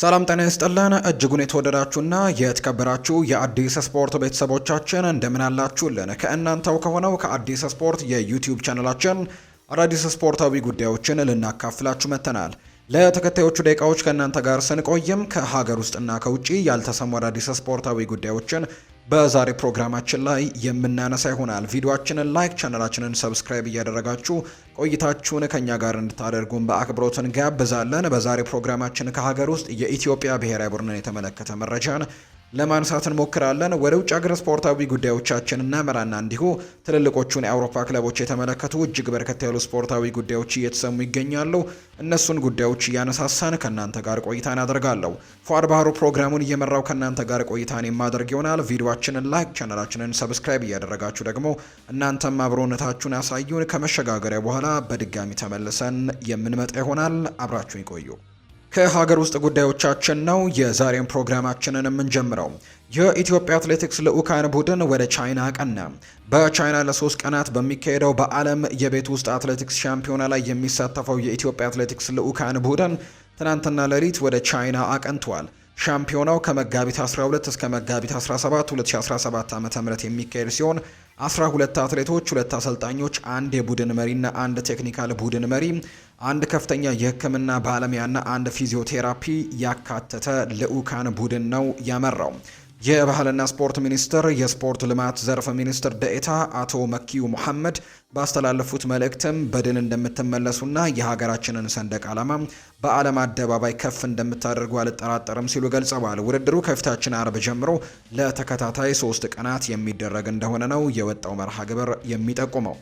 ሰላም ጤና ይስጥልን እጅጉን የተወደዳችሁና የተከበራችሁ የአዲስ ስፖርት ቤተሰቦቻችን እንደምን አላችሁልን? ከእናንተው ከሆነው ከአዲስ ስፖርት የዩቲዩብ ቻነላችን አዳዲስ ስፖርታዊ ጉዳዮችን ልናካፍላችሁ መጥተናል። ለተከታዮቹ ደቂቃዎች ከእናንተ ጋር ስንቆይም ከሀገር ውስጥና ከውጭ ያልተሰሙ አዳዲስ ስፖርታዊ ጉዳዮችን በዛሬ ፕሮግራማችን ላይ የምናነሳ ይሆናል። ቪዲዮችንን ላይክ፣ ቻነላችንን ሰብስክራይብ እያደረጋችሁ ቆይታችሁን ከእኛ ጋር እንድታደርጉን በአክብሮት እንጋብዛለን። በዛሬ ፕሮግራማችን ከሀገር ውስጥ የኢትዮጵያ ብሔራዊ ቡድንን የተመለከተ መረጃን ለማንሳት እንሞክራለን። ወደ ውጭ ሀገር ስፖርታዊ ጉዳዮቻችን እናመራና እንዲሁ ትልልቆቹን የአውሮፓ ክለቦች የተመለከቱ እጅግ በርከት ያሉ ስፖርታዊ ጉዳዮች እየተሰሙ ይገኛሉ። እነሱን ጉዳዮች እያነሳሳን ከእናንተ ጋር ቆይታን አደርጋለሁ። ፏድ ባህሩ ፕሮግራሙን እየመራው ከእናንተ ጋር ቆይታን የማደርግ ይሆናል። ቪዲዮችንን ላይክ፣ ቻናላችንን ሰብስክራይብ እያደረጋችሁ ደግሞ እናንተም አብሮነታችሁን ያሳዩን። ከመሸጋገሪያ በኋላ በድጋሚ ተመልሰን የምንመጣ ይሆናል። አብራችሁን ይቆዩ። ከሀገር ውስጥ ጉዳዮቻችን ነው የዛሬን ፕሮግራማችንን የምንጀምረው። የኢትዮጵያ አትሌቲክስ ልዑካን ቡድን ወደ ቻይና አቀና በቻይና ለሶስት ቀናት በሚካሄደው በዓለም የቤት ውስጥ አትሌቲክስ ሻምፒዮና ላይ የሚሳተፈው የኢትዮጵያ አትሌቲክስ ልዑካን ቡድን ትናንትና ሌሊት ወደ ቻይና አቀንቷል። ሻምፒዮናው ከመጋቢት 12 እስከ መጋቢት 17 2017 ዓ ም የሚካሄድ ሲሆን 12 አትሌቶች፣ ሁለት አሰልጣኞች፣ አንድ የቡድን መሪና አንድ ቴክኒካል ቡድን መሪ፣ አንድ ከፍተኛ የሕክምና ባለሙያና አንድ ፊዚዮቴራፒ ያካተተ ልዑካን ቡድን ነው ያመራው። የባህልና ስፖርት ሚኒስትር የስፖርት ልማት ዘርፍ ሚኒስትር ደኤታ አቶ መኪዩ መሐመድ ባስተላለፉት መልእክትም በድል እንደምትመለሱና የሀገራችንን ሰንደቅ ዓላማ በዓለም አደባባይ ከፍ እንደምታደርጉ አልጠራጠርም ሲሉ ገልጸዋል። ውድድሩ ከፊታችን አርብ ጀምሮ ለተከታታይ ሶስት ቀናት የሚደረግ እንደሆነ ነው የወጣው መርሃ ግብር የሚጠቁመው።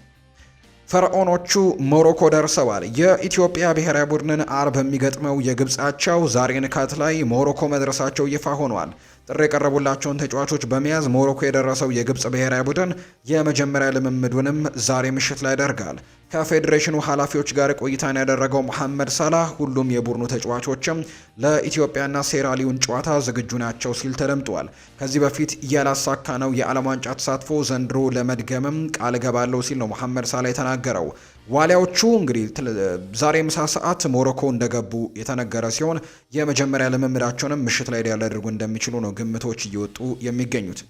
ፈርዖኖቹ ሞሮኮ ደርሰዋል። የኢትዮጵያ ብሔራዊ ቡድንን አርብ የሚገጥመው የግብጻቸው ዛሬ ንካት ላይ ሞሮኮ መድረሳቸው ይፋ ሆኗል። ጥሪ የቀረቡላቸውን ተጫዋቾች በመያዝ ሞሮኮ የደረሰው የግብፅ ብሔራዊ ቡድን የመጀመሪያ ልምምዱንም ዛሬ ምሽት ላይ ያደርጋል። ከፌዴሬሽኑ ኃላፊዎች ጋር ቆይታን ያደረገው መሐመድ ሳላህ ሁሉም የቡድኑ ተጫዋቾችም ለኢትዮጵያና ሴራሊዮን ጨዋታ ዝግጁ ናቸው ሲል ተደምጧል። ከዚህ በፊት ያላሳካ ነው የዓለም ዋንጫ ተሳትፎ ዘንድሮ ለመድገምም ቃል ገባለው ሲል ነው መሐመድ ሳላህ የተናገረው። ዋሊያዎቹ እንግዲህ ዛሬ ምሳ ሰዓት ሞሮኮ እንደገቡ የተነገረ ሲሆን የመጀመሪያ ልምምዳቸውንም ምሽት ላይ ሊያደርጉ እንደሚችሉ ነው ግምቶች እየወጡ የሚገኙት።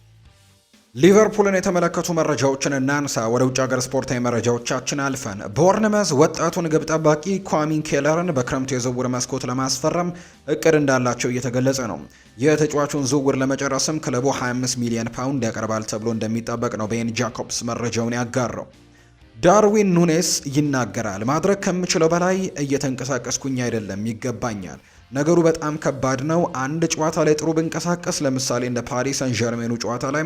ሊቨርፑልን የተመለከቱ መረጃዎችን እናንሳ። ወደ ውጭ ሀገር ስፖርታዊ መረጃዎቻችን አልፈን ቦርንመዝ ወጣቱን ግብ ጠባቂ ኳሚን ኬለርን በክረምቱ የዝውውር መስኮት ለማስፈረም እቅድ እንዳላቸው እየተገለጸ ነው። የተጫዋቹን ዝውውር ለመጨረስም ክለቡ 25 ሚሊዮን ፓውንድ ያቀርባል ተብሎ እንደሚጠበቅ ነው ቤን ጃኮብስ መረጃውን ያጋራው። ዳርዊን ኑኔስ ይናገራል። ማድረግ ከምችለው በላይ እየተንቀሳቀስኩኝ አይደለም፣ ይገባኛል። ነገሩ በጣም ከባድ ነው። አንድ ጨዋታ ላይ ጥሩ ብንቀሳቀስ፣ ለምሳሌ እንደ ፓሪስ ሰን ዠርሜኑ ጨዋታ ላይ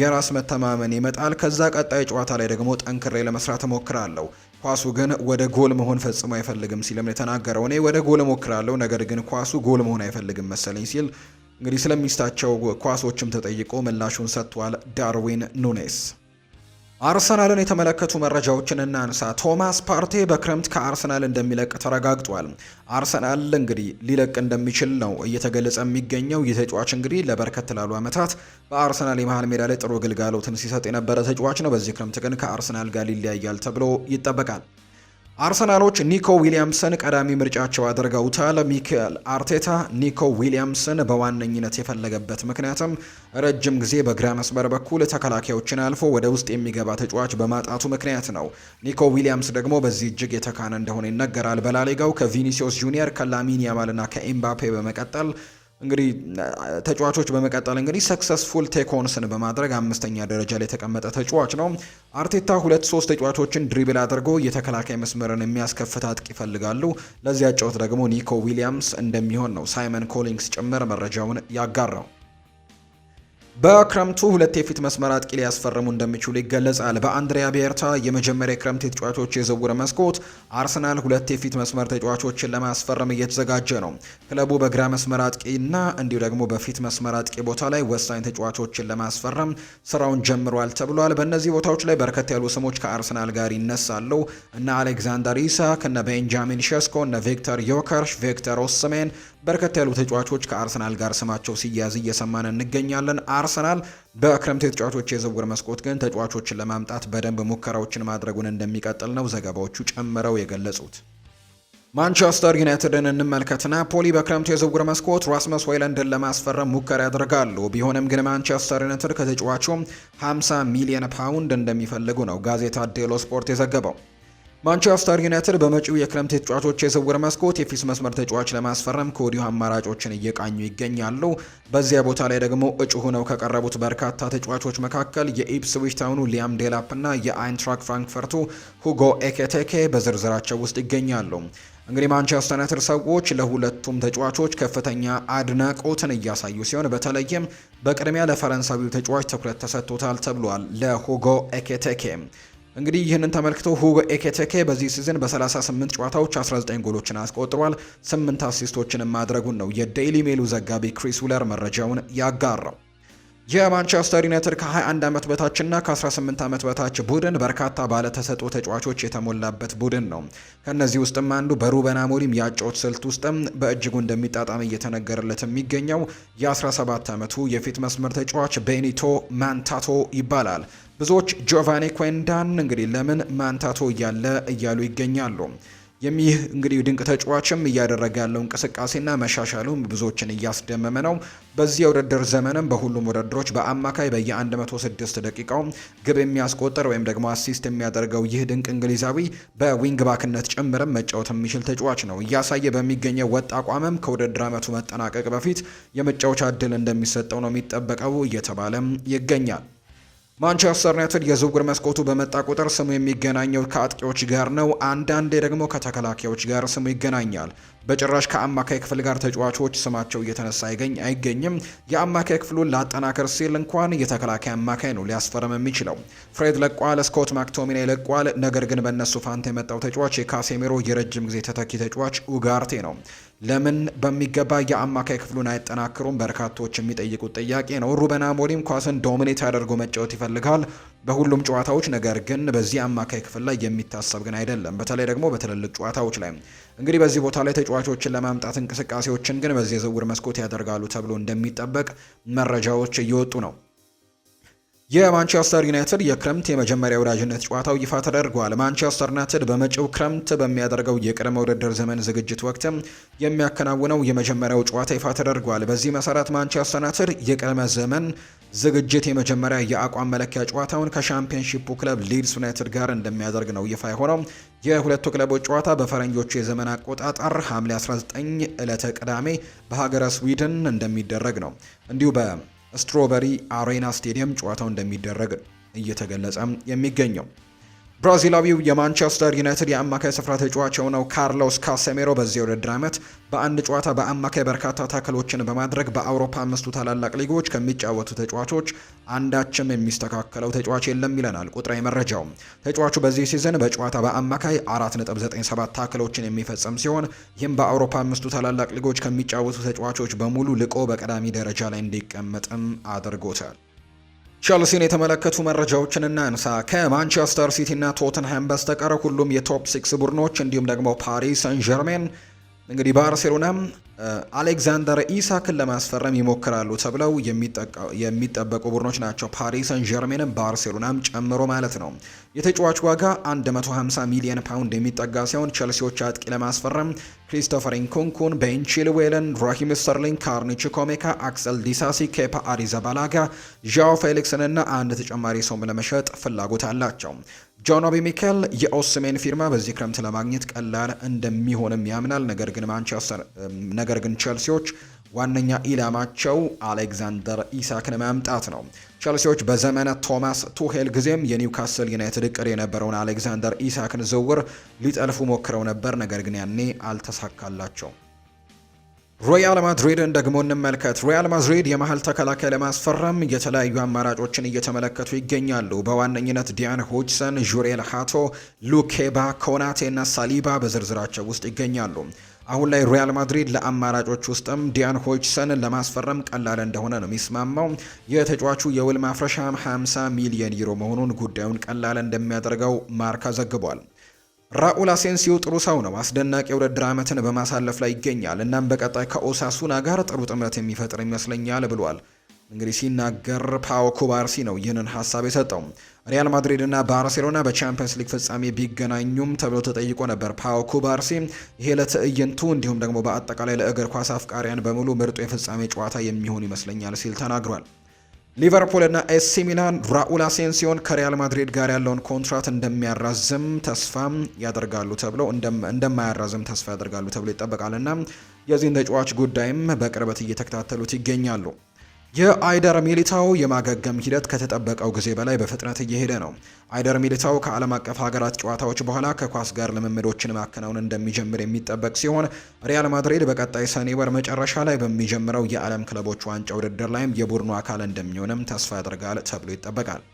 የራስ መተማመን ይመጣል። ከዛ ቀጣይ ጨዋታ ላይ ደግሞ ጠንክሬ ለመስራት እሞክራለሁ። ኳሱ ግን ወደ ጎል መሆን ፈጽሞ አይፈልግም ሲልም የተናገረው እኔ ወደ ጎል እሞክራለሁ፣ ነገር ግን ኳሱ ጎል መሆን አይፈልግም መሰለኝ ሲል እንግዲህ ስለሚስታቸው ኳሶችም ተጠይቆ ምላሹን ሰጥቷል ዳርዊን ኑኔስ። አርሰናልን የተመለከቱ መረጃዎችን እናንሳ። ቶማስ ፓርቴ በክረምት ከአርሰናል እንደሚለቅ ተረጋግጧል። አርሰናል እንግዲህ ሊለቅ እንደሚችል ነው እየተገለጸ የሚገኘው። ይህ ተጫዋች እንግዲህ ለበርከት ላሉ ዓመታት በአርሰናል የመሀል ሜዳ ላይ ጥሩ ግልጋሎትን ሲሰጥ የነበረ ተጫዋች ነው። በዚህ ክረምት ግን ከአርሰናል ጋር ሊለያያል ተብሎ ይጠበቃል። አርሰናሎች ኒኮ ዊሊያምስን ቀዳሚ ምርጫቸው አድርገውታል። ሚካኤል አርቴታ ኒኮ ዊሊያምስን በዋነኝነት የፈለገበት ምክንያትም ረጅም ጊዜ በግራ መስመር በኩል ተከላካዮችን አልፎ ወደ ውስጥ የሚገባ ተጫዋች በማጣቱ ምክንያት ነው። ኒኮ ዊሊያምስ ደግሞ በዚህ እጅግ የተካነ እንደሆነ ይነገራል። በላሊጋው ከቪኒሲዮስ ጁኒየር ከላሚን ያማልና ከኤምባፔ በመቀጠል እንግዲህ ተጫዋቾች በመቀጠል እንግዲህ ሰክሰስፉል ቴኮንስን በማድረግ አምስተኛ ደረጃ ላይ የተቀመጠ ተጫዋች ነው። አርቴታ ሁለት ሶስት ተጫዋቾችን ድሪብል አድርጎ የተከላካይ መስመርን የሚያስከፍት አጥቂ ይፈልጋሉ። ለዚያ ጨዋታ ደግሞ ኒኮ ዊሊያምስ እንደሚሆን ነው ሳይመን ኮሊንግስ ጭምር መረጃውን ያጋራው። በክረምቱ ሁለት የፊት መስመር አጥቂ ሊያስፈርሙ እንደሚችሉ ይገለጻል። በአንድሪያ ቤርታ የመጀመሪያ የክረምት የተጫዋቾች የዝውውር መስኮት አርሰናል ሁለት የፊት መስመር ተጫዋቾችን ለማስፈረም እየተዘጋጀ ነው። ክለቡ በግራ መስመር አጥቂና እንዲሁ ደግሞ በፊት መስመር አጥቂ ቦታ ላይ ወሳኝ ተጫዋቾችን ለማስፈረም ስራውን ጀምሯል ተብሏል። በእነዚህ ቦታዎች ላይ በርከት ያሉ ስሞች ከአርሰናል ጋር ይነሳሉ። እነ አሌክዛንደር ኢሳክ፣ እነ ቤንጃሚን ሸስኮ፣ እነ ቪክተር ዮከርሽ፣ ቪክተር ኦስሜን በርከት ያሉ ተጫዋቾች ከአርሰናል ጋር ስማቸው ሲያያዝ እየሰማን እንገኛለን። አርሰናል በክረምቱ የተጫዋቾች የዝውውር መስኮት ግን ተጫዋቾችን ለማምጣት በደንብ ሙከራዎችን ማድረጉን እንደሚቀጥል ነው ዘገባዎቹ ጨምረው የገለጹት። ማንቸስተር ዩናይትድን እንመልከት። ናፖሊ በክረምቱ የዝውውር መስኮት ራስመስ ሆይለንድን ለማስፈረም ሙከራ ያደርጋሉ። ቢሆንም ግን ማንቸስተር ዩናይትድ ከተጫዋቹ 50 ሚሊዮን ፓውንድ እንደሚፈልጉ ነው ጋዜጣ ዴሎ ስፖርት የዘገበው። ማንቸስተር ዩናይትድ በመጪው የክረምት ተጫዋቾች የዝውውር መስኮት የፊት መስመር ተጫዋች ለማስፈረም ከወዲሁ አማራጮችን እየቃኙ ይገኛሉ። በዚያ ቦታ ላይ ደግሞ እጩ ሆነው ከቀረቡት በርካታ ተጫዋቾች መካከል የኢፕስዊች ታውኑ ሊያም ዴላፕ እና የአይንትራክ ፍራንክፈርቱ ሁጎ ኤኬቴኬ በዝርዝራቸው ውስጥ ይገኛሉ። እንግዲህ ማንቸስተር ዩናይትድ ሰዎች ለሁለቱም ተጫዋቾች ከፍተኛ አድናቆትን እያሳዩ ሲሆን በተለይም በቅድሚያ ለፈረንሳዊው ተጫዋች ትኩረት ተሰጥቶታል ተብሏል። ለሁጎ ኤኬቴኬ እንግዲህ ይህንን ተመልክቶ ሁጎ ኤኬቴኬ በዚህ ሲዝን በ38 ጨዋታዎች 19 ጎሎችን አስቆጥሯል። 8 አሲስቶችንም ማድረጉን ነው የዴይሊ ሜሉ ዘጋቢ ክሪስ ውለር መረጃውን ያጋራው። የማንቸስተር ዩናይትድ ከ21 ዓመት በታችና ከ18 ዓመት በታች ቡድን በርካታ ባለተሰጦ ተጫዋቾች የተሞላበት ቡድን ነው። ከእነዚህ ውስጥም አንዱ በሩበን አሞሪም የአጨዋወት ስልት ውስጥም በእጅጉ እንደሚጣጣም እየተነገረለት የሚገኘው የ17 ዓመቱ የፊት መስመር ተጫዋች ቤኒቶ ማንታቶ ይባላል። ብዙዎች ጆቫኒ ኩዌንዳን እንግዲህ ለምን ማንታቶ እያለ እያሉ ይገኛሉ። የሚህ እንግዲህ ድንቅ ተጫዋችም እያደረገ ያለው እንቅስቃሴና መሻሻሉ ብዙዎችን እያስደመመ ነው። በዚህ የውድድር ዘመንም በሁሉም ውድድሮች በአማካይ በየ106 ደቂቃው ግብ የሚያስቆጠር ወይም ደግሞ አሲስት የሚያደርገው ይህ ድንቅ እንግሊዛዊ በዊንግ ባክነት ጭምርም መጫወት የሚችል ተጫዋች ነው። እያሳየ በሚገኘው ወጥ አቋምም ከውድድር ዓመቱ መጠናቀቅ በፊት የመጫወቻ እድል እንደሚሰጠው ነው የሚጠበቀው እየተባለም ይገኛል። ማንቸስተር ዩናይትድ የዝውውር መስኮቱ በመጣ ቁጥር ስሙ የሚገናኘው ከአጥቂዎች ጋር ነው። አንዳንዴ ደግሞ ከተከላካዮች ጋር ስሙ ይገናኛል። በጭራሽ ከአማካይ ክፍል ጋር ተጫዋቾች ስማቸው እየተነሳ አይገኝ አይገኝም። የአማካይ ክፍሉን ላጠናከር ሲል እንኳን የተከላካይ አማካይ ነው ሊያስፈርም የሚችለው። ፍሬድ ለቋል፣ ስኮት ማክቶሚና ይለቋል። ነገር ግን በእነሱ ፋንታ የመጣው ተጫዋች የካሴሜሮ የረጅም ጊዜ ተተኪ ተጫዋች ኡጋርቴ ነው። ለምን በሚገባ የአማካይ ክፍሉን አይጠናክሩም? በርካቶች የሚጠይቁት ጥያቄ ነው። ሩበን አሞሪም ኳስን ዶሚኔት አድርጎ መጫወት ይፈልጋል በሁሉም ጨዋታዎች። ነገር ግን በዚህ አማካይ ክፍል ላይ የሚታሰብ ግን አይደለም፣ በተለይ ደግሞ በትልልቅ ጨዋታዎች ላይ። እንግዲህ በዚህ ቦታ ላይ ተጫዋቾችን ለማምጣት እንቅስቃሴዎችን ግን በዚህ የዝውውር መስኮት ያደርጋሉ ተብሎ እንደሚጠበቅ መረጃዎች እየወጡ ነው። የማንቸስተር ዩናይትድ የክረምት የመጀመሪያ ወዳጅነት ጨዋታው ይፋ ተደርጓል። ማንቸስተር ዩናይትድ በመጪው ክረምት በሚያደርገው የቅድመ ውድድር ዘመን ዝግጅት ወቅትም የሚያከናውነው የመጀመሪያው ጨዋታ ይፋ ተደርጓል። በዚህ መሰረት ማንቸስተር ዩናይትድ የቅድመ ዘመን ዝግጅት የመጀመሪያ የአቋም መለኪያ ጨዋታውን ከሻምፒዮንሺፑ ክለብ ሊድስ ዩናይትድ ጋር እንደሚያደርግ ነው ይፋ የሆነው። የሁለቱ ክለቦች ጨዋታ በፈረንጆቹ የዘመን አቆጣጠር ሐምሌ 19 ዕለተ ቅዳሜ በሀገረ ስዊድን እንደሚደረግ ነው እንዲሁ በ ስትሮበሪ አሬና ስቴዲየም ጨዋታው እንደሚደረግ እየተገለጸም የሚገኘው ብራዚላዊው የማንቸስተር ዩናይትድ የአማካይ ስፍራ ተጫዋች የሆነው ካርሎስ ካሴሜሮ በዚህ ውድድር ዓመት በአንድ ጨዋታ በአማካይ በርካታ ታክሎችን በማድረግ በአውሮፓ አምስቱ ታላላቅ ሊጎች ከሚጫወቱ ተጫዋቾች አንዳችም የሚስተካከለው ተጫዋች የለም ይለናል ቁጥራዊ መረጃው። ተጫዋቹ በዚህ ሲዝን በጨዋታ በአማካይ 4.97 ታክሎችን የሚፈጽም ሲሆን ይህም በአውሮፓ አምስቱ ታላላቅ ሊጎች ከሚጫወቱ ተጫዋቾች በሙሉ ልቆ በቀዳሚ ደረጃ ላይ እንዲቀመጥም አድርጎታል። ቸልሲን የተመለከቱ መረጃዎችን እናንሳ። ከማንቸስተር ሲቲ እና ቶተንሃም በስተቀር ሁሉም የቶፕ ሲክስ ቡድኖች እንዲሁም ደግሞ ፓሪስ ሰን ጀርሜን እንግዲህ ባርሴሎና አሌክዛንደር ኢሳክን ለማስፈረም ይሞክራሉ ተብለው የሚጠበቁ ቡድኖች ናቸው። ፓሪስ ሰን ባርሴሎናም ጨምሮ ማለት ነው። የተጫዋች ዋጋ 150 ሚሊዮን ፓውንድ የሚጠጋ ሲሆን ቸልሲዎች አጥቂ ለማስፈረም ክሪስቶፈር ኢንኩንኩን፣ ቤን ቺልዌልን፣ ራሂም ስተርሊንግ፣ ካርኒች ኮሜካ፣ አክሰል ዲሳሲ፣ ኬፓ አሪዛባላጋ፣ ዣኦ ፌሊክስንና አንድ ተጨማሪ ሰውም ለመሸጥ ፍላጎት አላቸው። ጆን ኦቢ ሚኬል የኦስሜን ፊርማ በዚህ ክረምት ለማግኘት ቀላል እንደሚሆንም ያምናል። ነገር ግን ማንቸስተር ነገር ግን ቸልሲዎች ዋነኛ ኢላማቸው አሌክዛንደር ኢሳክን ማምጣት ነው። ቸልሲዎች በዘመነ ቶማስ ቱሄል ጊዜም የኒውካስል ዩናይትድ እቅድ የነበረውን አሌክዛንደር ኢሳክን ዝውውር ሊጠልፉ ሞክረው ነበር። ነገር ግን ያኔ አልተሳካላቸው ሮያል ማድሪድን ደግሞ እንመልከት። ሮያል ማድሪድ የመሀል ተከላካይ ለማስፈረም የተለያዩ አማራጮችን እየተመለከቱ ይገኛሉ። በዋነኝነት ዲያን ሆጅሰን፣ ዡሬል ሃቶ፣ ሉኬባ፣ ኮናቴ እና ሳሊባ በዝርዝራቸው ውስጥ ይገኛሉ። አሁን ላይ ሪያል ማድሪድ ለአማራጮች ውስጥም ዲያን ሆችሰን ለማስፈረም ቀላል እንደሆነ ነው የሚስማማው። የተጫዋቹ የውል ማፍረሻም 50 ሚሊዮን ዩሮ መሆኑን ጉዳዩን ቀላል እንደሚያደርገው ማርካ ዘግቧል። ራኡል አሴንሲዮ ጥሩ ሰው ነው። አስደናቂ የውድድር ዓመትን በማሳለፍ ላይ ይገኛል። እናም በቀጣይ ከኦሳሱና ጋር ጥሩ ጥምረት የሚፈጥር ይመስለኛል ብሏል። እንግዲህ ሲናገር ፓዎ ኩባርሲ ነው ይህንን ሀሳብ የሰጠው። ሪያል ማድሪድ ማድሪድና ባርሴሎና በቻምፒየንስ ሊግ ፍጻሜ ቢገናኙም ተብሎ ተጠይቆ ነበር። ፓዎ ኩባርሲ ይሄ ለትዕይንቱ እንዲሁም ደግሞ በአጠቃላይ ለእግር ኳስ አፍቃሪያን በሙሉ ምርጡ የፍጻሜ ጨዋታ የሚሆን ይመስለኛል ሲል ተናግሯል። ሊቨርፑል እና ኤሲ ሚላን ራኡል አሴንሲዮን ከሪያል ማድሪድ ጋር ያለውን ኮንትራት እንደሚያራዝም ተስፋ ያደርጋሉ ተብሎ እንደማያራዝም ተስፋ ያደርጋሉ ተብሎ ይጠበቃል እና የዚህን ተጫዋች ጉዳይም በቅርበት እየተከታተሉት ይገኛሉ። የአይደር ሚሊታው የማገገም ሂደት ከተጠበቀው ጊዜ በላይ በፍጥነት እየሄደ ነው። አይደር ሚሊታው ከዓለም አቀፍ ሀገራት ጨዋታዎች በኋላ ከኳስ ጋር ልምምዶችን ማከናወን እንደሚጀምር የሚጠበቅ ሲሆን ሪያል ማድሪድ በቀጣይ ሰኔ ወር መጨረሻ ላይ በሚጀምረው የዓለም ክለቦች ዋንጫ ውድድር ላይም የቡድኑ አካል እንደሚሆንም ተስፋ ያደርጋል ተብሎ ይጠበቃል።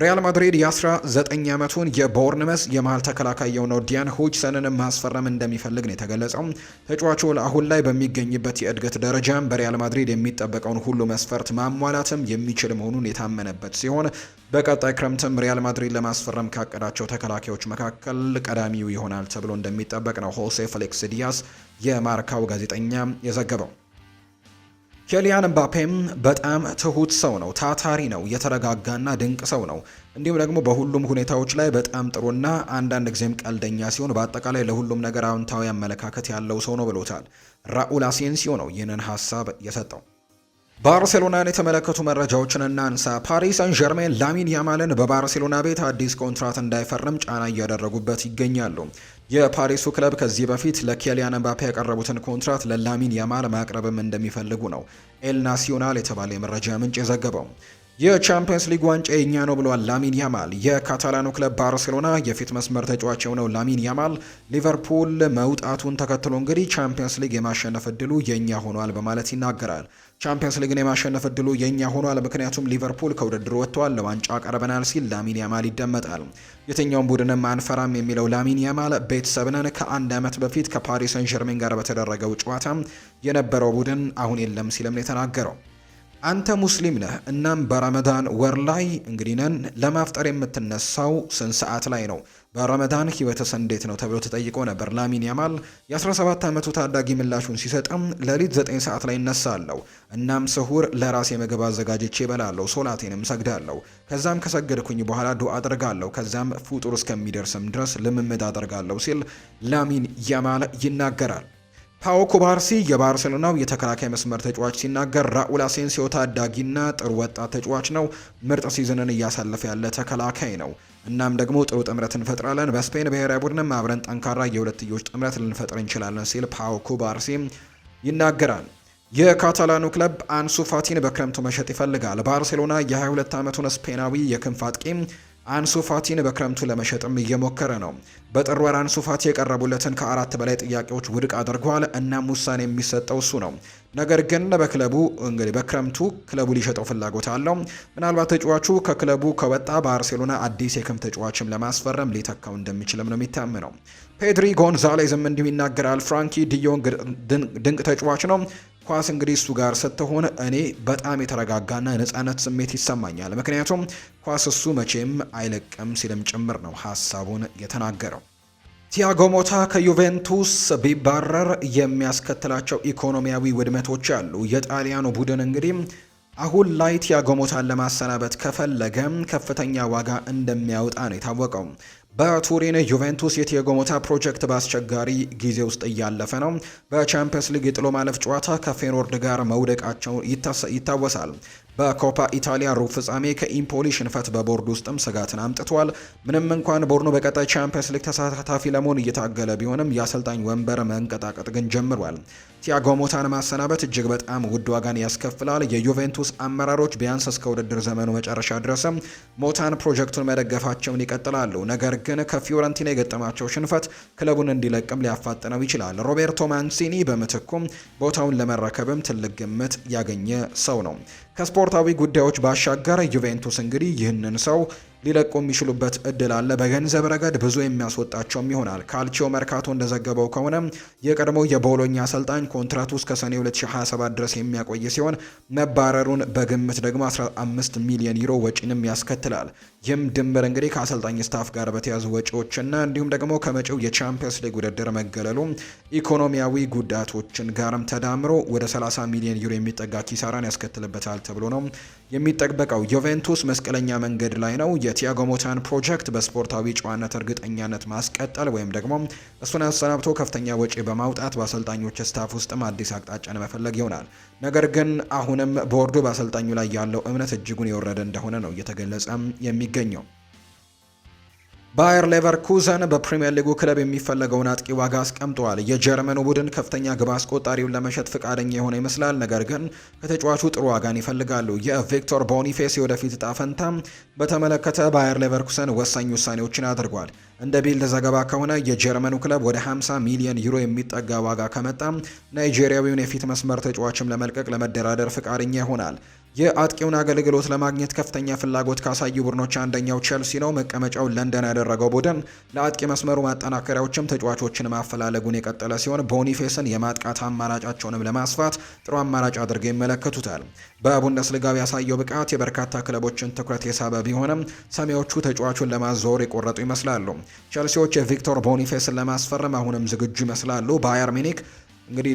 ሪያል ማድሪድ የ19 ዓመቱን የቦርንመስ የመሀል ተከላካይ የሆነው ዲያን ሁጅሰንን ማስፈረም እንደሚፈልግ ነው የተገለጸው። ተጫዋቹ አሁን ላይ በሚገኝበት የእድገት ደረጃም በሪያል ማድሪድ የሚጠበቀውን ሁሉ መስፈርት ማሟላትም የሚችል መሆኑን የታመነበት ሲሆን በቀጣይ ክረምትም ሪያል ማድሪድ ለማስፈረም ካቀዳቸው ተከላካዮች መካከል ቀዳሚው ይሆናል ተብሎ እንደሚጠበቅ ነው ሆሴ ፌሊክስ ዲያስ የማርካው ጋዜጠኛ የዘገበው። ኬሊያን ምባፔም በጣም ትሁት ሰው ነው፣ ታታሪ ነው፣ የተረጋጋና ድንቅ ሰው ነው። እንዲሁም ደግሞ በሁሉም ሁኔታዎች ላይ በጣም ጥሩና አንዳንድ ጊዜም ቀልደኛ ሲሆን በአጠቃላይ ለሁሉም ነገር አዎንታዊ አመለካከት ያለው ሰው ነው ብሎታል። ራኡል አሴንሲዮ ነው ይህንን ሀሳብ የሰጠው። ባርሴሎናን የተመለከቱ መረጃዎችን እናንሳ። ፓሪስ ሰን ዠርሜን ላሚን ያማልን በባርሴሎና ቤት አዲስ ኮንትራት እንዳይፈርም ጫና እያደረጉበት ይገኛሉ። የፓሪሱ ክለብ ከዚህ በፊት ለኬሊያን ኤምባፔ ያቀረቡትን ኮንትራት ለላሚን ያማል ማቅረብም እንደሚፈልጉ ነው ኤል ናሲዮናል የተባለ የመረጃ ምንጭ የዘገበው። የቻምፒየንስ ሊግ ዋንጫ የኛ ነው ብለዋል ላሚን ያማል። የካታላኑ ክለብ ባርሴሎና የፊት መስመር ተጫዋች የሆነው ላሚን ያማል ሊቨርፑል መውጣቱን ተከትሎ እንግዲህ ቻምፒየንስ ሊግ የማሸነፍ እድሉ የኛ ሆኗል በማለት ይናገራል። ቻምፒየንስ ሊግን የማሸነፍ እድሉ የኛ ሆኗል፣ ምክንያቱም ሊቨርፑል ከውድድሩ ወጥተዋል፣ ለዋንጫ ቀርበናል ሲል ላሚን ያማል ይደመጣል። የትኛውም ቡድንም አንፈራም የሚለው ላሚን ያማል ቤተሰብነን ከአንድ ዓመት በፊት ከፓሪስ ሰን ጋር በተደረገው ጨዋታ የነበረው ቡድን አሁን የለም ሲልም ነው የተናገረው። አንተ ሙስሊም ነህ። እናም በረመዳን ወር ላይ እንግዲነን ለማፍጠር የምትነሳው ስንት ሰዓት ላይ ነው? በረመዳን ህይወትስ እንዴት ነው ተብሎ ተጠይቆ ነበር። ላሚን ያማል የ17 ዓመቱ ታዳጊ ምላሹን ሲሰጥም ሌሊት 9 ሰዓት ላይ እነሳለሁ። እናም ስሁር ለራሴ ምግብ አዘጋጅቼ እበላለሁ። ሶላቴንም ሰግዳለሁ። ከዛም ከሰገድኩኝ በኋላ ዱ አድርጋለሁ። ከዛም ፉጡር እስከሚደርስም ድረስ ልምምድ አደርጋለሁ ሲል ላሚን ያማል ይናገራል። ፓኦ ኩባርሲ የባርሴሎናው የተከላካይ መስመር ተጫዋች ሲናገር ራኡል አሴንሲዮ ታዳጊና ጥሩ ወጣት ተጫዋች ነው። ምርጥ ሲዝንን እያሳለፈ ያለ ተከላካይ ነው። እናም ደግሞ ጥሩ ጥምረት እንፈጥራለን። በስፔን ብሔራዊ ቡድንም አብረን ጠንካራ የሁለትዮሽ ጥምረት ልንፈጥር እንችላለን ሲል ፓኦ ኩባርሲ ይናገራል። የካታላኑ ክለብ አንሱ ፋቲን በክረምቱ መሸጥ ይፈልጋል። ባርሴሎና የ22 ዓመቱን ስፔናዊ የክንፍ አጥቂም አንሱ ፋቲን በክረምቱ ለመሸጥም እየሞከረ ነው። በጥር ወር አንሱ ፋቲ የቀረቡለትን ከአራት በላይ ጥያቄዎች ውድቅ አድርጓል። እናም ውሳኔ የሚሰጠው እሱ ነው። ነገር ግን በክለቡ እንግዲህ በክረምቱ ክለቡ ሊሸጠው ፍላጎት አለው። ምናልባት ተጫዋቹ ከክለቡ ከወጣ ባርሴሎና አዲስ የክም ተጫዋችም ለማስፈረም ሊተካው እንደሚችልም ነው የሚታመነው። ፔድሪ ጎንዛሌዝም እንዲሁ ይናገራል። ፍራንኪ ዲዮንግ ድንቅ ተጫዋች ነው ኳስ እንግዲህ እሱ ጋር ስትሆን እኔ በጣም የተረጋጋና የነጻነት ስሜት ይሰማኛል፣ ምክንያቱም ኳስ እሱ መቼም አይለቅም ሲልም ጭምር ነው ሀሳቡን የተናገረው። ቲያጎ ሞታ ከዩቬንቱስ ቢባረር የሚያስከትላቸው ኢኮኖሚያዊ ውድመቶች አሉ። የጣሊያኑ ቡድን እንግዲህ አሁን ላይ ቲያጎ ሞታን ለማሰናበት ከፈለገ ከፍተኛ ዋጋ እንደሚያወጣ ነው የታወቀው። በቱሪን ዩቬንቱስ የቲያጎ ሞታ ፕሮጀክት በአስቸጋሪ ጊዜ ውስጥ እያለፈ ነው። በቻምፒየንስ ሊግ የጥሎ ማለፍ ጨዋታ ከፌኖርድ ጋር መውደቃቸው ይታወሳል። በኮፓ ኢታሊያ ሩብ ፍጻሜ ከኢምፖሊ ሽንፈት በቦርድ ውስጥም ስጋትን አምጥቷል። ምንም እንኳን ቦርኖ በቀጣይ ቻምፒየንስ ሊግ ተሳታፊ ለመሆን እየታገለ ቢሆንም የአሰልጣኝ ወንበር መንቀጣቀጥ ግን ጀምሯል። ቲያጎ ሞታን ማሰናበት እጅግ በጣም ውድ ዋጋን ያስከፍላል። የዩቬንቱስ አመራሮች ቢያንስ እስከ ውድድር ዘመኑ መጨረሻ ድረስም ሞታን ፕሮጀክቱን መደገፋቸውን ይቀጥላሉ። ነገር ግን ከፊዮረንቲና የገጠማቸው ሽንፈት ክለቡን እንዲለቅም ሊያፋጥነው ይችላል። ሮቤርቶ ማንሲኒ በምትኩም ቦታውን ለመረከብም ትልቅ ግምት ያገኘ ሰው ነው። ከስፖርታዊ ጉዳዮች ባሻገር ዩቬንቱስ እንግዲህ ይህንን ሰው ሊለቁ የሚችሉበት እድል አለ። በገንዘብ ረገድ ብዙ የሚያስወጣቸውም ይሆናል። ካልቺዮ መርካቶ እንደዘገበው ከሆነ የቀድሞው የቦሎኛ አሰልጣኝ ኮንትራቱ እስከ ሰኔ 2027 ድረስ የሚያቆይ ሲሆን መባረሩን በግምት ደግሞ 15 ሚሊዮን ዩሮ ወጪንም ያስከትላል። ይህም ድምር እንግዲህ ከአሰልጣኝ ስታፍ ጋር በተያዙ ወጪዎችና እንዲሁም ደግሞ ከመጪው የቻምፒየንስ ሊግ ውድድር መገለሉ ኢኮኖሚያዊ ጉዳቶችን ጋርም ተዳምሮ ወደ 30 ሚሊዮን ዩሮ የሚጠጋ ኪሳራን ያስከትልበታል ተብሎ ነው የሚጠበቀው። ዩቬንቱስ መስቀለኛ መንገድ ላይ ነው። የቲያጎ ሞታን ፕሮጀክት በስፖርታዊ ጨዋነት እርግጠኛነት ማስቀጠል ወይም ደግሞ እሱን አሰናብቶ ከፍተኛ ወጪ በማውጣት በአሰልጣኞች ስታፍ ውስጥም አዲስ አቅጣጫን መፈለግ ይሆናል። ነገር ግን አሁንም ቦርዱ በአሰልጣኙ ላይ ያለው እምነት እጅጉን የወረደ እንደሆነ ነው እየተገለጸ የሚ የሚገኘው። ባየር ሌቨርኩዘን በፕሪምየር ሊጉ ክለብ የሚፈለገውን አጥቂ ዋጋ አስቀምጠዋል። የጀርመኑ ቡድን ከፍተኛ ግብ አስቆጣሪውን ለመሸጥ ፍቃደኛ የሆነ ይመስላል። ነገር ግን ከተጫዋቹ ጥሩ ዋጋን ይፈልጋሉ። የቪክቶር ቦኒፌስ የወደፊት እጣ ፈንታ በተመለከተ ባየር ሌቨርኩዘን ወሳኝ ውሳኔዎችን አድርጓል። እንደ ቢልድ ዘገባ ከሆነ የጀርመኑ ክለብ ወደ 50 ሚሊዮን ዩሮ የሚጠጋ ዋጋ ከመጣ ናይጄሪያዊውን የፊት መስመር ተጫዋችም ለመልቀቅ ለመደራደር ፍቃደኛ ይሆናል። የአጥቂውን አገልግሎት ለማግኘት ከፍተኛ ፍላጎት ካሳዩ ቡድኖች አንደኛው ቼልሲ ነው። መቀመጫውን ለንደን ያደረገው ቡድን ለአጥቂ መስመሩ ማጠናከሪያዎችም ተጫዋቾችን ማፈላለጉን የቀጠለ ሲሆን ቦኒፌስን የማጥቃት አማራጫቸውንም ለማስፋት ጥሩ አማራጭ አድርገው ይመለከቱታል። በቡንደስሊጋው ያሳየው ብቃት የበርካታ ክለቦችን ትኩረት የሳበ ቢሆንም ሰሜዎቹ ተጫዋቹን ለማዘወር የቆረጡ ይመስላሉ። ቼልሲዎች የቪክቶር ቦኒፌስን ለማስፈረም አሁንም ዝግጁ ይመስላሉ። ባየር ሚኒክ እንግዲህ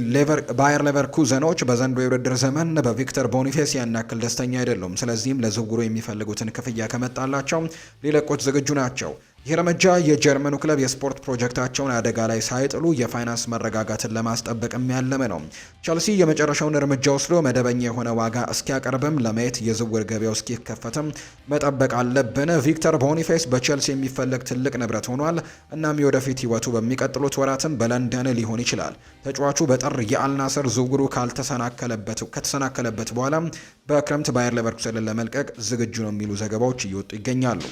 ባየር ሌቨርኩዘኖች በዘንዶ የውድድር ዘመን በቪክተር ቦኒፌስ ያን ያክል ደስተኛ አይደሉም። ስለዚህም ለዝውውሩ የሚፈልጉትን ክፍያ ከመጣላቸው ሊለቁት ዝግጁ ናቸው። ይህ እርምጃ የጀርመኑ ክለብ የስፖርት ፕሮጀክታቸውን አደጋ ላይ ሳይጥሉ የፋይናንስ መረጋጋትን ለማስጠበቅም ያለመ ነው። ቸልሲ የመጨረሻውን እርምጃ ወስዶ መደበኛ የሆነ ዋጋ እስኪያቀርብም ለማየት የዝውውር ገበያው እስኪከፈትም መጠበቅ አለብን። ቪክተር ቦኒፌስ በቸልሲ የሚፈለግ ትልቅ ንብረት ሆኗል። እናም የወደፊት ሕይወቱ በሚቀጥሉት ወራትም በለንደን ሊሆን ይችላል። ተጫዋቹ በጥር የአልናስር ዝውውሩ ከተሰናከለበት በኋላ በክረምት ባየር ሌቨርኩሰንን ለመልቀቅ ዝግጁ ነው የሚሉ ዘገባዎች እየወጡ ይገኛሉ።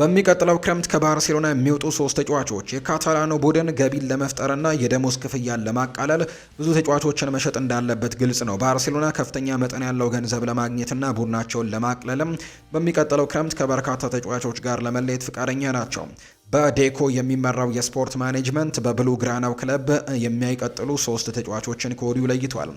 በሚቀጥለው ክረምት ከባርሴሎና የሚወጡ ሶስት ተጫዋቾች የካታላኑ ቡድን ገቢን ለመፍጠርና የደሞዝ ክፍያን ለማቃለል ብዙ ተጫዋቾችን መሸጥ እንዳለበት ግልጽ ነው። ባርሴሎና ከፍተኛ መጠን ያለው ገንዘብ ለማግኘትና ቡድናቸውን ለማቅለልም በሚቀጥለው ክረምት ከበርካታ ተጫዋቾች ጋር ለመለየት ፍቃደኛ ናቸው። በዴኮ የሚመራው የስፖርት ማኔጅመንት በብሉ ግራናው ክለብ የሚያይቀጥሉ ሶስት ተጫዋቾችን ከወዲሁ ለይቷል።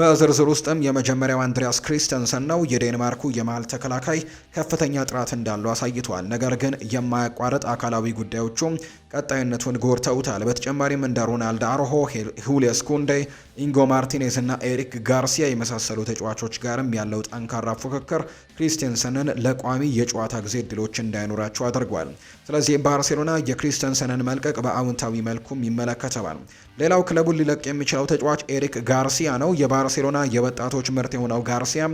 በዝርዝር ውስጥም የመጀመሪያው አንድሪያስ ክሪስተንሰን ነው። የዴንማርኩ የመሃል ተከላካይ ከፍተኛ ጥራት እንዳለው አሳይቷል። ነገር ግን የማያቋረጥ አካላዊ ጉዳዮቹ ቀጣይነቱን ጎርተውታል። በተጨማሪም እንደ ሮናልድ አርሆ፣ ሁሌስ ኩንዴ፣ ኢንጎ ማርቲኔዝ እና ኤሪክ ጋርሲያ የመሳሰሉ ተጫዋቾች ጋርም ያለው ጠንካራ ፉክክር ክሪስቴንሰንን ለቋሚ የጨዋታ ጊዜ እድሎች እንዳይኖራቸው አድርጓል። ስለዚህ ባርሴሎና የክሪስተንሰንን መልቀቅ በአውንታዊ መልኩም ይመለከተዋል። ሌላው ክለቡን ሊለቅ የሚችለው ተጫዋች ኤሪክ ጋርሲያ ነው። የባርሴሎና የወጣቶች ምርት የሆነው ጋርሲያ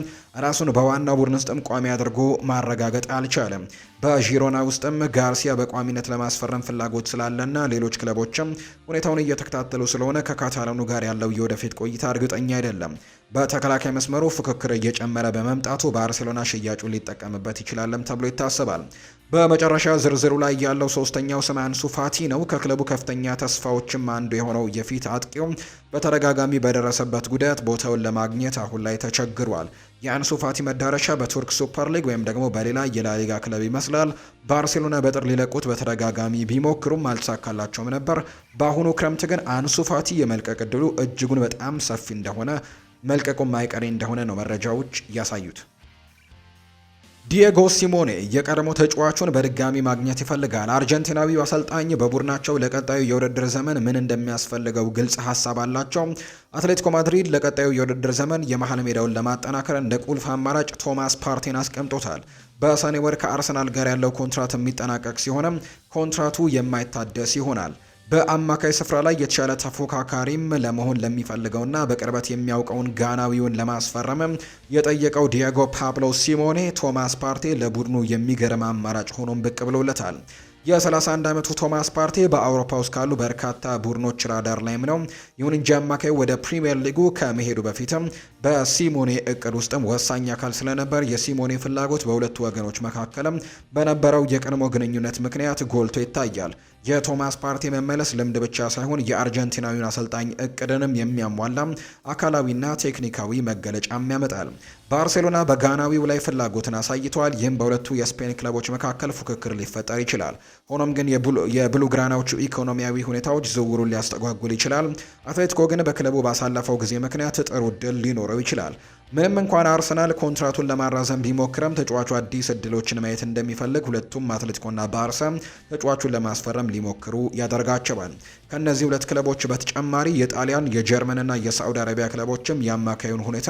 ራሱን በዋናው ቡድን ውስጥም ቋሚ አድርጎ ማረጋገጥ አልቻለም። በዢሮና ውስጥም ጋርሲያ በቋሚነት ለማስፈረም ፍላጎት ስላለና ሌሎች ክለቦችም ሁኔታውን እየተከታተሉ ስለሆነ ከካታላኑ ጋር ያለው የወደፊት ቆይታ እርግጠኛ አይደለም። በተከላካይ መስመሩ ፉክክር እየጨመረ በመምጣቱ ባርሴሎና ሽያጩን ሊጠቀምበት ይችላለም ተብሎ ይታሰባል። በመጨረሻ ዝርዝሩ ላይ ያለው ሶስተኛው ስም አንሱ ፋቲ ነው። ከክለቡ ከፍተኛ ተስፋዎችም አንዱ የሆነው የፊት አጥቂው በተደጋጋሚ በደረሰበት ጉዳት ቦታውን ለማግኘት አሁን ላይ ተቸግሯል። የአንሱ ፋቲ መዳረሻ በቱርክ ሱፐር ሊግ ወይም ደግሞ በሌላ የላሊጋ ክለብ ይመስላል። ባርሴሎና በጥር ሊለቁት በተደጋጋሚ ቢሞክሩም አልተሳካላቸውም ነበር። በአሁኑ ክረምት ግን አንሱ ፋቲ የመልቀቅ እድሉ እጅጉን በጣም ሰፊ እንደሆነ መልቀቁም አይቀሬ እንደሆነ ነው መረጃዎች ያሳዩት። ዲየጎ ሲሞኔ የቀድሞ ተጫዋቹን በድጋሚ ማግኘት ይፈልጋል። አርጀንቲናዊው አሰልጣኝ በቡድናቸው ለቀጣዩ የውድድር ዘመን ምን እንደሚያስፈልገው ግልጽ ሀሳብ አላቸው። አትሌቲኮ ማድሪድ ለቀጣዩ የውድድር ዘመን የመሀል ሜዳውን ለማጠናከር እንደ ቁልፍ አማራጭ ቶማስ ፓርቲን አስቀምጦታል። በሰኔ ወር ከአርሰናል ጋር ያለው ኮንትራት የሚጠናቀቅ ሲሆንም ኮንትራቱ የማይታደስ ይሆናል። በአማካይ ስፍራ ላይ የተሻለ ተፎካካሪም ለመሆን ለሚፈልገውና በቅርበት የሚያውቀውን ጋናዊውን ለማስፈረምም የጠየቀው ዲያጎ ፓብሎ ሲሞኔ ቶማስ ፓርቴ ለቡድኑ የሚገርም አማራጭ ሆኖም ብቅ ብሎለታል። የ31 ዓመቱ ቶማስ ፓርቴ በአውሮፓ ውስጥ ካሉ በርካታ ቡድኖች ራዳር ላይም ነው። ይሁን እንጂ አማካይ ወደ ፕሪምየር ሊጉ ከመሄዱ በፊትም በሲሞኔ እቅድ ውስጥም ወሳኝ አካል ስለነበር የሲሞኔ ፍላጎት በሁለቱ ወገኖች መካከልም በነበረው የቀድሞ ግንኙነት ምክንያት ጎልቶ ይታያል። የቶማስ ፓርቲ መመለስ ልምድ ብቻ ሳይሆን የአርጀንቲናዊን አሰልጣኝ እቅድንም የሚያሟላ አካላዊና ቴክኒካዊ መገለጫም ያመጣል። ባርሴሎና በጋናዊው ላይ ፍላጎትን አሳይተዋል። ይህም በሁለቱ የስፔን ክለቦች መካከል ፉክክር ሊፈጠር ይችላል። ሆኖም ግን የብሉግራናዎቹ ኢኮኖሚያዊ ሁኔታዎች ዝውውሩን ሊያስተጓጉል ይችላል። አትሌቲኮ ግን በክለቡ ባሳለፈው ጊዜ ምክንያት ጥሩ እድል ሊኖረው ይችላል። ምንም እንኳን አርሰናል ኮንትራቱን ለማራዘም ቢሞክረም ተጫዋቹ አዲስ እድሎችን ማየት እንደሚፈልግ ሁለቱም አትሌቲኮና ባርሳ ተጫዋቹን ለማስፈረም ሊሞክሩ ያደርጋቸዋል። ከእነዚህ ሁለት ክለቦች በተጨማሪ የጣሊያን የጀርመንና የሳዑዲ አረቢያ ክለቦችም የአማካዩን ሁኔታ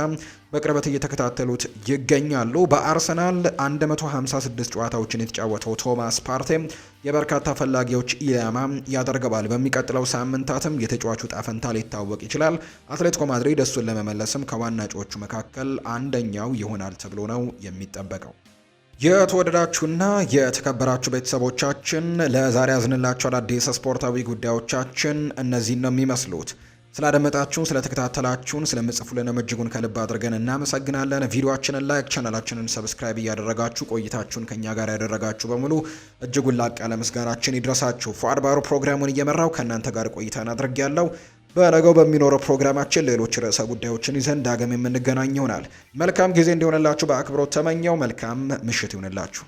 በቅርበት እየተከታተሉት ይገኛሉ። በአርሰናል 156 ጨዋታዎችን የተጫወተው ቶማስ ፓርቴ የበርካታ ፈላጊዎች ኢላማ ያደርገዋል። በሚቀጥለው ሳምንታትም የተጫዋቹ ጣፈንታ ሊታወቅ ይችላል። አትሌቲኮ ማድሪድ እሱን ለመመለስም ከዋና እጩዎቹ መካከል አንደኛው ይሆናል ተብሎ ነው የሚጠበቀው። የተወደዳችሁና የተከበራችሁ ቤተሰቦቻችን ለዛሬ ያዝንላችሁ አዳዲስ ስፖርታዊ ጉዳዮቻችን እነዚህን ነው የሚመስሉት። ስላደመጣችሁን፣ ስለተከታተላችሁን፣ ስለምጽፉልንም እጅጉን ከልብ አድርገን እናመሰግናለን። ቪዲዮችንን ላይክ፣ ቻናላችንን ሰብስክራይብ እያደረጋችሁ ቆይታችሁን ከእኛ ጋር ያደረጋችሁ በሙሉ እጅጉን ላቅ ያለ ምስጋናችን ይድረሳችሁ። ፏድባሩ ፕሮግራሙን እየመራው ከእናንተ ጋር ቆይታን አድርግ ያለው በነገው በሚኖረው ፕሮግራማችን ሌሎች ርዕሰ ጉዳዮችን ይዘን ዳግም የምንገናኝ ይሆናል። መልካም ጊዜ እንዲሆንላችሁ በአክብሮት ተመኘው። መልካም ምሽት ይሆንላችሁ።